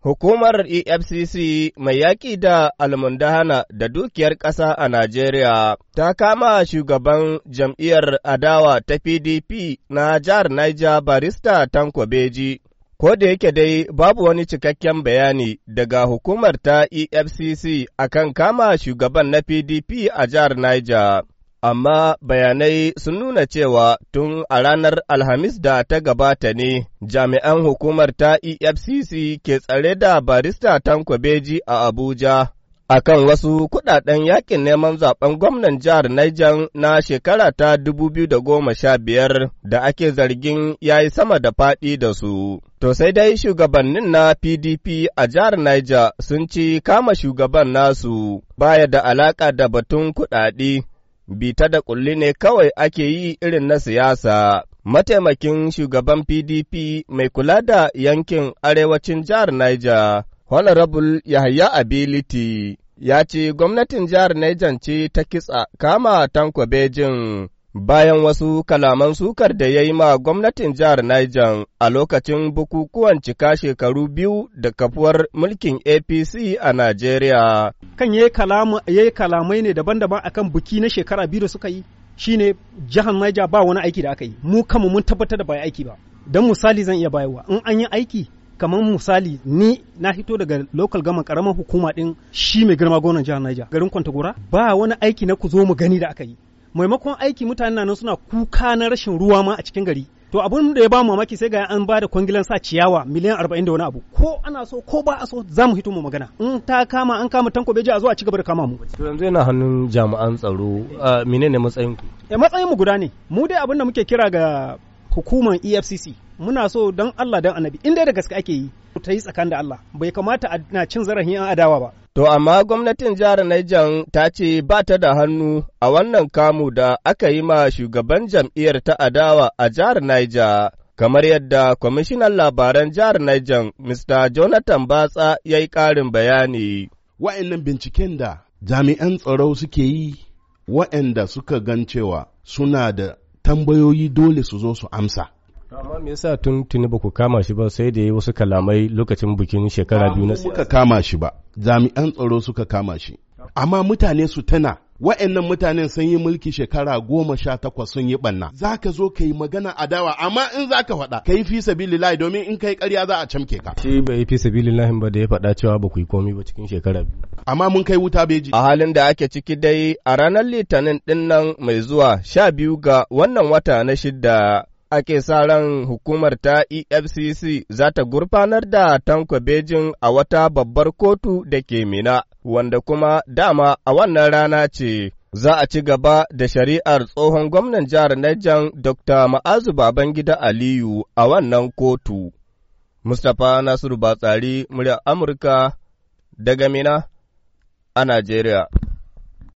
Hukumar EFCC mai yaƙi da almundahana da dukiyar ƙasa a Najeriya ta kama shugaban jam'iyyar adawa ta PDP na jihar Niger barista Tanko Beji. Ko da yake dai babu wani cikakken bayani daga hukumar ta EFCC akan kama shugaban na PDP a jihar Niger. amma bayanai sun nuna cewa tun a ranar Alhamis da ta gabata ne jami'an hukumar ta EFCC ke tsare da barista Tanko Beji a Abuja A kan wasu kudaden yakin neman zaben gwamnan jihar Niger na shekara ta 2015 da ake zargin ya yi sama da faɗi da su. To sai dai shugabannin na PDP a jihar Niger sun ci kama shugaban nasu baya da alaƙa da batun kuɗaɗe bita da ƙulli ne kawai ake yi irin na siyasa. Mataimakin shugaban PDP mai kula da yankin arewacin jihar Niger, Honorable Yahya Ability, ya ce gwamnatin jihar Niger ce ta kitsa kama Tanko Bejin bayan wasu kalaman sukar da ya yi ma gwamnatin jihar Niger a lokacin bukukuwan cika shekaru biyu da kafuwar mulkin APC a Najeriya. Kan ya yi kalamai ne daban-daban akan buki na shekara biyu da suka yi, shine jihar Niger ba wani aiki da aka yi, mu kama mun tabbatar da ba aiki ba. Don misali zan iya bayarwa, in an yi aiki kamar misali ni na hito daga local gama karamar hukuma din shi mai girma gwamnan jihar Niger garin Kwantagora ba wani aiki na ku zo mu gani da aka yi maimakon aiki mutane na nan suna kuka na rashin ruwa ma a cikin gari to abun da ya ba mu mamaki sai ga an ba da kwangilan sa ciyawa miliyan arba'in da wani abu ko ana so ko ba a so za mu hito mu magana in ta kama an kama tanko beji a zo a ci gaba da kama mu to yanzu yana hannun jami'an tsaro menene matsayin ku eh, matsayin mu guda ne mu dai abin da muke kira ga hukumar EFCC muna so don Allah don Annabi in da gaske ake yi ta yi tsakan da Allah bai kamata na cin zarafin yan adawa ba To, amma gwamnatin jihar Niger ta ce ba ta da hannu a wannan kamu da aka yi ma shugaban jam'iyyar ta adawa a jihar Niger, kamar yadda kwamishinan labaran jihar Niger, Mr. Jonathan Batsa ya yi ƙarin bayani. Wa'annan binciken da jami'an tsaro suke yi, wa'anda suka gan cewa suna da tambayoyi dole su zo su amsa. amma me yasa tun tuni ba ku kama shi ba sai da yi wasu kalamai lokacin bikin shekara biyu na siyasa suka kama shi ba jami'an tsaro suka kama shi amma mutane su tana wa'annan mutanen sun yi mulki shekara goma sha takwas sun yi banna za ka zo ka yi magana adawa amma in za ka faɗa ka yi fi lahi domin in ka yi ƙarya za a camke ka shi bai yi fi lahi ba da ya faɗa cewa ba ku yi komi ba cikin shekara biyu amma mun kai wuta beji a halin da ake ciki dai a ranar litinin ɗin nan mai zuwa sha biyu ga wannan wata na shidda ake sa ran hukumar ta EFCC za ta gurfanar da Tanko Bejin a wata babbar kotu da ke Mina, wanda kuma dama a wannan rana ce za a ci gaba da shari'ar tsohon gwamnan jihar Najan Dr. Ma'azu Babangida Aliyu a wannan kotu. Mustapha Nasiru Batsari, murya Amurka daga Mina a Najeriya.